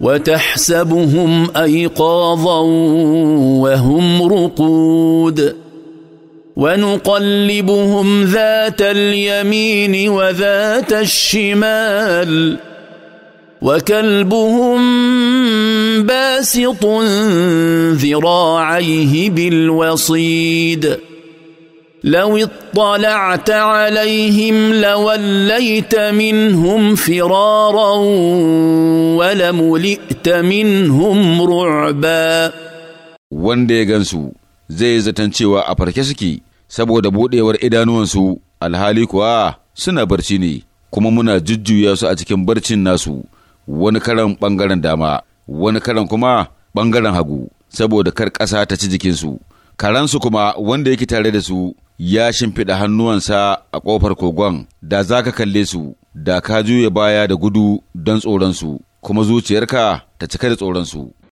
وتحسبهم ايقاظا وهم رقود ونقلبهم ذات اليمين وذات الشمال وكلبهم باسط ذراعيه بالوصيد لو اطلعت عليهم لوليت منهم فرارا ولملئت منهم رعبا wanda ya gansu zai zaton cewa a farke suke saboda buɗewar idanuwansu alhali kuwa suna barci ne kuma muna jujjuya su a cikin barcin nasu wani karan bangaren dama wani karan kuma bangaren hagu saboda kar ƙasa ta ci jikinsu karansu kuma wanda yake tare da su ya shimfiɗa hannuwansa a ƙofar kogon da za ka kalle su da ka juya baya da gudu don su. kuma zuciyarka ta cika da tsoronsu.